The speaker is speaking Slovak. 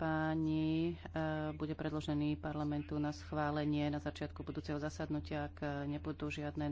páni, e, bude predložený parlamentu na schválenie na začiatku budúceho zasadnutia, ak e, nebudú žiadne